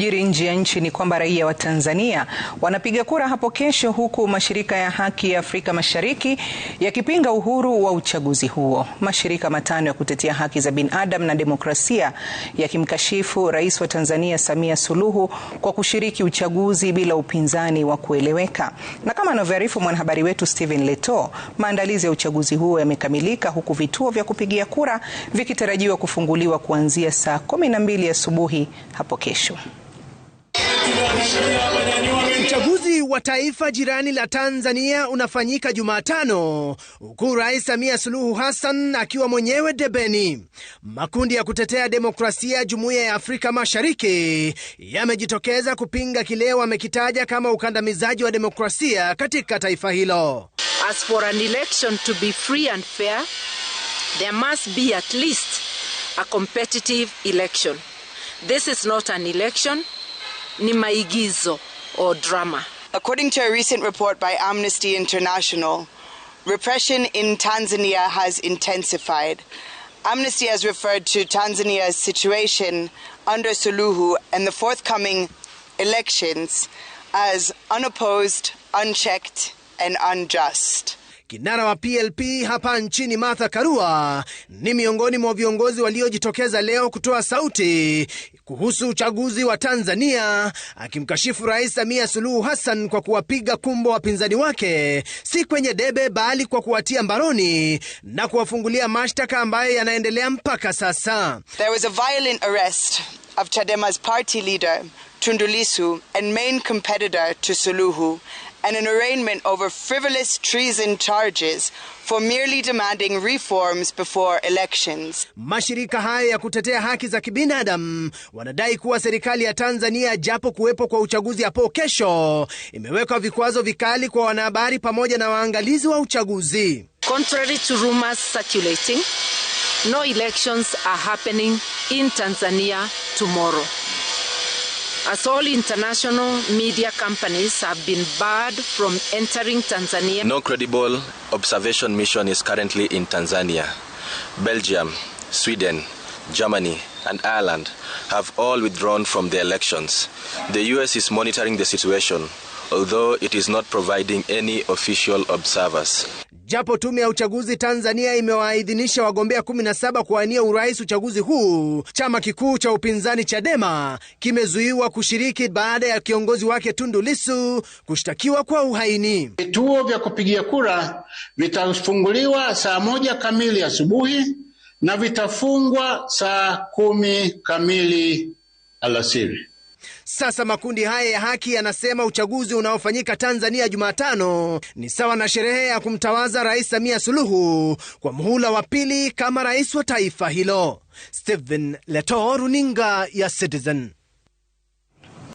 yanayojiri nje ya nchi ni kwamba raia wa Tanzania wanapiga kura hapo kesho, huku mashirika ya haki ya Afrika Mashariki yakipinga uhuru wa uchaguzi huo. Mashirika matano ya kutetea haki za binadamu na demokrasia yakimkashifu Rais wa Tanzania Samia Suluhu kwa kushiriki uchaguzi bila upinzani wa kueleweka. Na kama anavyoarifu mwanahabari wetu Steven Leto, maandalizi ya uchaguzi huo yamekamilika huku vituo vya kupigia kura vikitarajiwa kufunguliwa kuanzia saa 12 asubuhi hapo kesho. Uchaguzi wa taifa jirani la Tanzania unafanyika Jumatano, huku Rais Samia Suluhu Hassan akiwa mwenyewe debeni. Makundi ya kutetea demokrasia jumuiya ya Afrika Mashariki yamejitokeza kupinga kile wamekitaja kama ukandamizaji wa demokrasia katika taifa hilo. As for an election to be free and fair, there must be at least a competitive election. This is not an election. ni maigizo or drama. According to a recent report by Amnesty International, repression in Tanzania has intensified. Amnesty has referred to Tanzania's situation under Suluhu and the forthcoming elections as unopposed, unchecked, and unjust. Kinara wa PLP hapa nchini Martha Karua ni miongoni mwa viongozi waliojitokeza leo kutoa sauti kuhusu uchaguzi wa Tanzania, akimkashifu Rais Samia Suluhu Hassan kwa kuwapiga kumbo wapinzani wake si kwenye debe, bali kwa kuwatia mbaroni na kuwafungulia mashtaka ambayo yanaendelea mpaka sasa. There was a violent arrest of Chadema's party leader tundulisu and main competitor to Suluhu and an arraignment over frivolous treason charges for merely demanding reforms before elections. Mashirika haya ya kutetea haki za kibinadamu wanadai kuwa serikali ya Tanzania, japo kuwepo kwa uchaguzi hapo kesho, imeweka vikwazo vikali kwa wanahabari pamoja na waangalizi wa uchaguzi. Contrary to rumors circulating, no elections are happening in Tanzania tomorrow. as all international media companies have been barred from entering Tanzania. No credible observation mission is currently in Tanzania. Belgium, Sweden, Germany, and Ireland have all withdrawn from the elections. The US is monitoring the situation although it is not providing any official observers. Japo tume ya uchaguzi Tanzania imewaidhinisha wagombea 17 kuwania urais uchaguzi huu, chama kikuu cha upinzani Chadema kimezuiwa kushiriki baada ya kiongozi wake Tundu Lissu kushtakiwa kwa uhaini. Vituo vya kupigia kura vitafunguliwa saa moja kamili asubuhi na vitafungwa saa kumi kamili alasiri. Sasa makundi haya ya haki yanasema uchaguzi unaofanyika Tanzania Jumatano ni sawa na sherehe ya kumtawaza Rais Samia Suluhu kwa muhula wa pili kama rais wa taifa hilo. Stephen Leto, runinga ya Citizen.